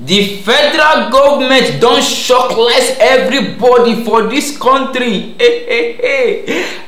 The federal government don shockless everybody for this country.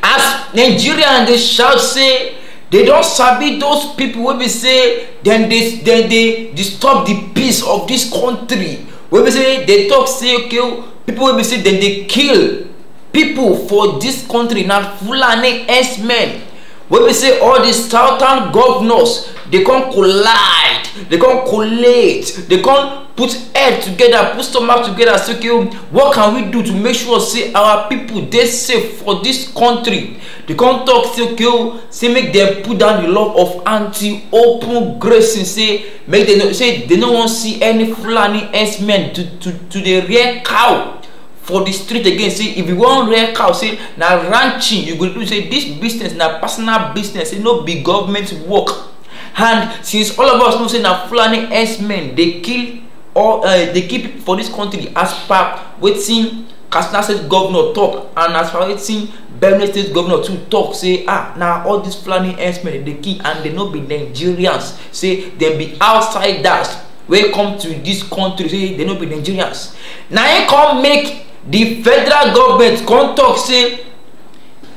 As Nigerians dey shout say they don sabi those people wey be say dem dey dem dey disturb the peace of this country. Wey be say dey talk say okay people wey be say dem dey kill people for this country na Fulani herdsmen. Wey be say all the southern governors they come collide they come collate they come put head together put stomach together say okay what can we do to make sure say our people dey safe for this country they come talk say okay oh, say make them put down the law of anti-open grazing say make they no say they no wan see any fulani herdsmen to to to dey rear cow for the street again say if you wan rear cow say na ranching you go do say this business na personal business say no be government work and since all of us know say na fulani herdsmen dey kill or uh, dey kill people for dis country as per wetin katsina state governor talk and as per wetin benue state governor too talk say ah na all these fulani herdsmen dey kill and dem no be nigerians say dem be outsiders wey come to dis country say dem no be nigerians na im come make di federal government come talk say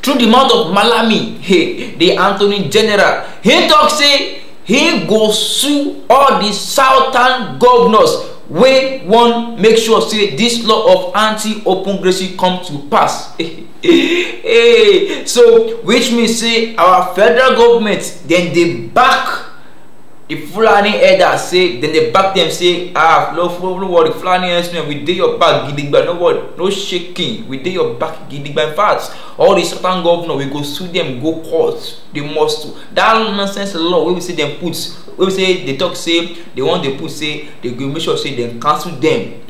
through di mouth of malami hey, di anthony general im talk say he go sue all the southern governors wey wan make sure say this law of anti-open grazing come to pass so which mean say our federal government dem dey back If Fulani hear that say, then they back them say, ah, no, no worry, Fulani herdsmen, we did your back, Gidigba, no word, no shaking, we did your back, Gidigba, fast. All the certain governor, we go sue them, go court, they must. That nonsense law, we say them put, we say they talk say, they want they put say, they go make sure say they cancel them.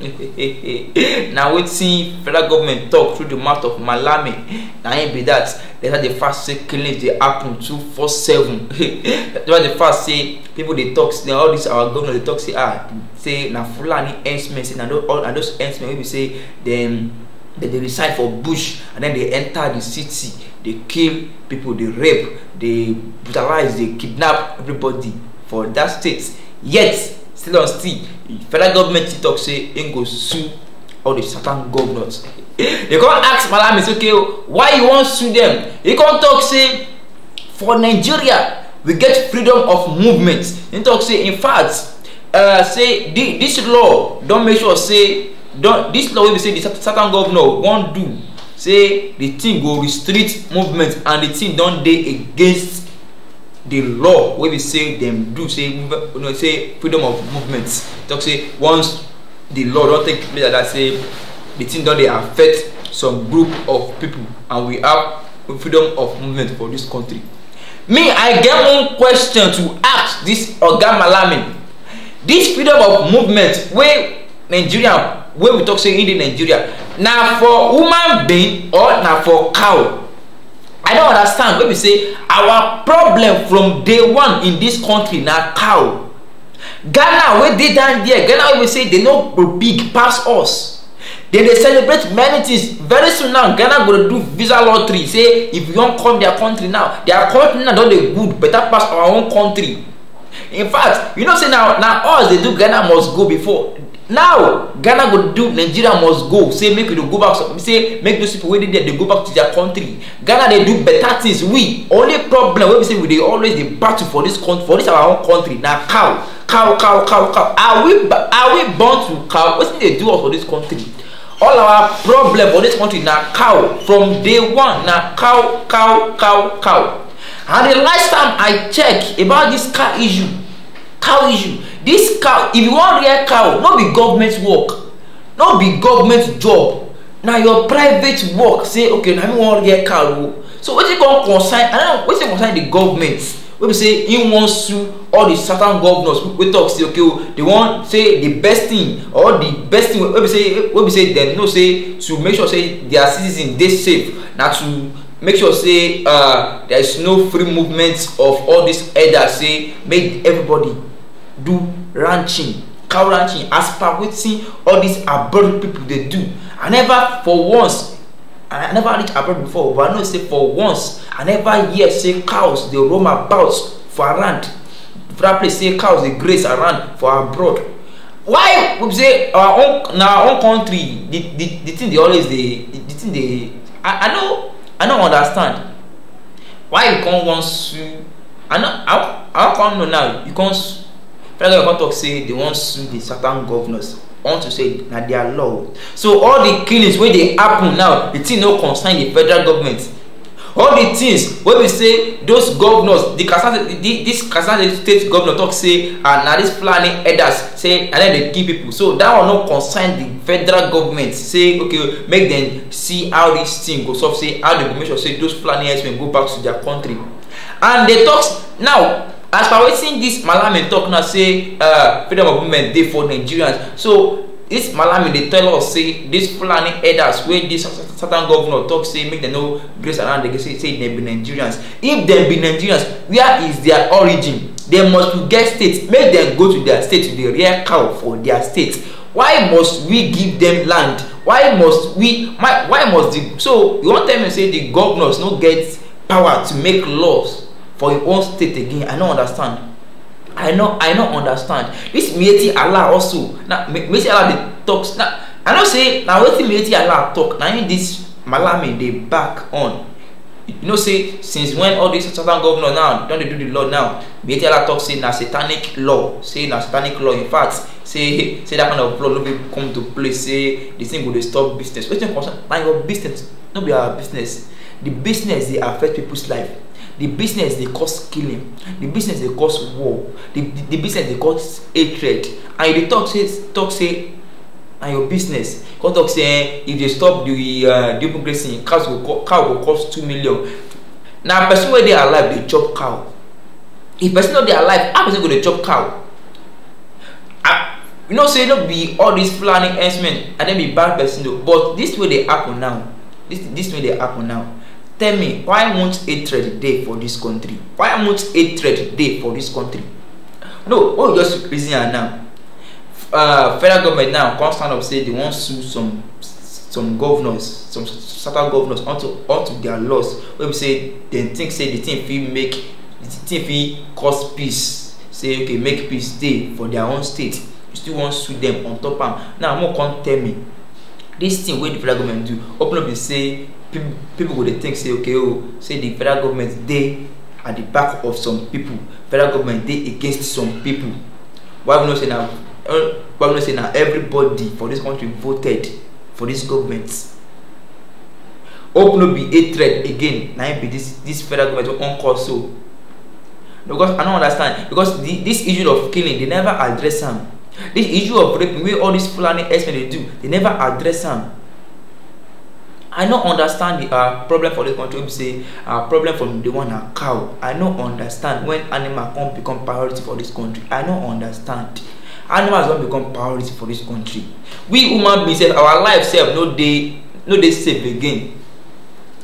now we see federal government talk through the mouth of Malami, now ain't be that they had the fast say killings dey happen two four seven that's why dey fast say people dey talk say all this our governor dey talk say ah say na fulani herdsmen say na those herdsmen wey be say dem dem dey reside for bush and then dey enter the city dey kill people dey rape dey brutalize dey kidnap everybody for that state yet still on still federal government still talk say im go sue all the certain governors they come ask malami okay why you wan sue dem e come talk say for nigeria we get freedom of movement e talk say in fact uh, say this law don make sure say don this law wey be say the certain governor wan do say the thing go restrict movement and the thing don dey against the law wey be say dem do say say freedom of movement talk say once the law don take place like that say the thing don dey affect some group of people and we have freedom of movement for this country me i get one question to ask this oga malami this freedom of movement wey nigeria wey we talk say in dey nigeria na for woman being or na for cow i don understand wey be say our problem from day one in this country na cow ghana wey dey down there ghana wey be say dey no big pass us dem dey celebrate many things very soon now ghana go dey do visa lottery say if you wan come their country now their country now don dey good better pass our own country in fact you know say na na us dey do ghana must go before now ghana go do nigeria must go say make we go back say make those people wey dey there dey go back to their country ghana dey do better things we only problem wey be say we dey always dey battle for this country for this our own country na cow cow cow cow cow are we are we born to cow wetin dey do us for dis country all our problem for dis country na cow from day one na cow cow cow cow and the last time i check about dis cow issue cow issue dis cow if you wan rear cow no be government work no be government job na your private work say okay na me wan rear cow o so wetin concern i don't know wetin concern the government wey be say im wan sue all di southern governors wey talk say okay o oh, they wan say di best thing or di best thing wey be say be say dem know say to make sure say dia citizens dey safe na to make sure say uh, there is no free movement of all dis elders say make everybody do ranching cow ranching as per wetin all dis abroad pipo dey do i never for once I, I never reach abroad before but I know say for once I never hear say cows dey roam about for around for that place say cows dey graze around for abroad why we say our own na our own country the the the thing dey always dey the thing dey I I no I no understand why you come wan sue I no I I come know now you come sue federal government talk say they wan sue the certain governors unto say na their law so all the killings wey dey happen now the thing no concern the federal government all the things wey be say those governors the kasana this kasana state governor talk say ah na this fulani herders say na them dey kill people so that one no concern the federal government say okay make them see how this thing go solve say how dem go make sure say those fulani herdsmen go back to their country and they talk now as per wetin dis malami talk now say uh, freedom of movement dey for nigerians so dis malami dey tell us say dis fulani herders wey dis southern governor talk say make dem no grace around dem say say dem be nigerians if dem be nigerians where is their origin dem must to get state make dem go to their state to dey rear cow for their state why must we give dem land why must we why, why must the so you wan tell me say the governors no get power to make laws for im own state again i no understand i no i no understand This miyetti allah also na miyetti allah dey talk na i know say na wetin miyetti allah talk na im this malami dey back on you know say since when all these southern governors now don dey do the law now miyetti allah talk say na satanic law say na satanic law in fact say say that kind of law no be come to play say the thing go dey stop business wetin concern na your business no be our business the business dey affect people's life the business dey cause killing the business dey cause war the the, the business dey cause hatred and you dey talk say talk say na ah, your business you come talk say eh if they stop the uh, the democracy cow go cow go cost two million na person wey dey alive dey chop cow if person no dey alive how person go dey chop cow ah you know say no be all this planning herdsmen and dem be bad person o but this wey dey happen now this this wey dey happen now tell me why won't a trade dey for dis country why won't a trade dey for dis country no oh just reason am now uh, federal government now come stand up say they wan sue some some governors some certain governors unto unto their laws wey be say dem think say the thing fit make the thing fit cause peace say okay make peace dey for their own state you still wan sue them on top am now More come tell me this thing wey the federal government do open up be say people go dey think say okay oh say di federal government dey at di back of some pipo federal government dey against some pipo why we know say na why we know say na everybody for dis country voted for dis government hope no be hatred again na im be dis dis federal government wan cause so. because i no understand because the, dis issue of killing dey never address am dis issue of raping wey all dis fulani herdsmen dey do dey never address am. i no understand the uh, problem for this country wey be say uh, problem from the one na cow i no understand when animal come become priority for this country i no understand animals don become priority for this country we human beings sef our life sef no dey no dey safe again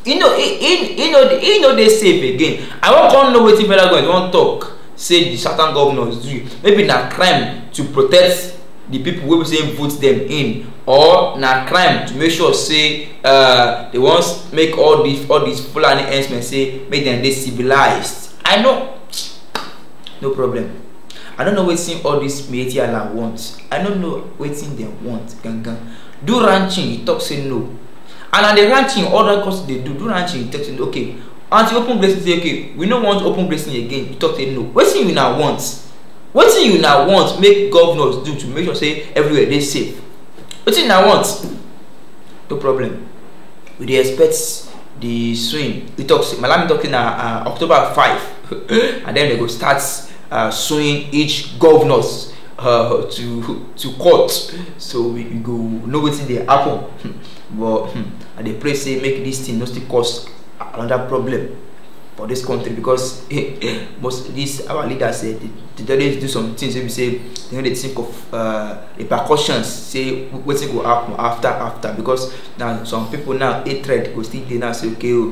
You e know, e, e, e no e no dey safe again i wan come know wetin federal government wan talk say the certain governors do maybe na crime to protect the people wey be say vote dem in or na crime to make sure say uh, they wan make all these all these fulani herdsmen say make dem dey civilized i know no problem i no know wetin all this media land want i no know wetin dem want gangan do ranching you talk say no and na the ranching all that countries dey do do ranching you talk say no okay anti open grazing say okay we no want open grazing again you talk say no wetin una want wetin una want make governors do to make sure say everywhere dey safe wetin i want no problem we dey expect the sewing we talk say malami talk say na uh, october five and then they go start uh, sewing each governor uh, to to court so we, we go know wetin dey happen but hmm, i dey pray say make this thing no still cause another problem for this country because most eh, eh, these our leaders say they don dey do some things wey be say they no dey think of uh, repercussions say wetin go happen after after because na some people now hatred go still dey now say okay o oh,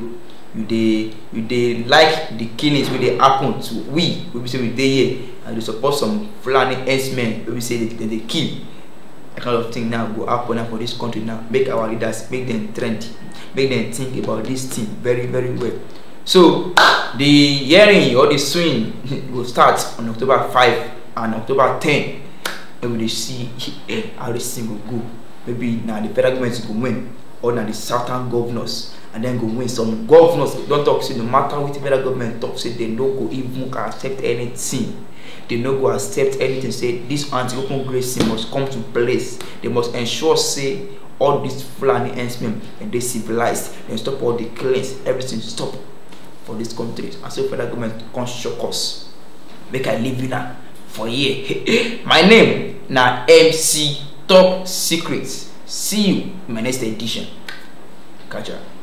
you dey you dey like the killings wey dey happen to we wey be say we dey here and dey support some fulani herdsmen wey be say dem dey kill that kind of thing now go happen now for this country now make our leaders make them trend make them think about this thing very very well. So the hearing or the swing will start on October 5 and October 10. And we will see eh, how the thing will go. Maybe now the federal government will win or now the southern governors and then go win some governors don't talk say no matter wetin federal government talk say dem no go even accept anything They no go accept anything say this anti-open grazing must come to place They must ensure say all these fulani herdsmen dem eh, dey civilized and stop all the killings everything stop for this country and say federal government come shock us make i leave una for here my name na mc top secret see you in my next edition catch ya.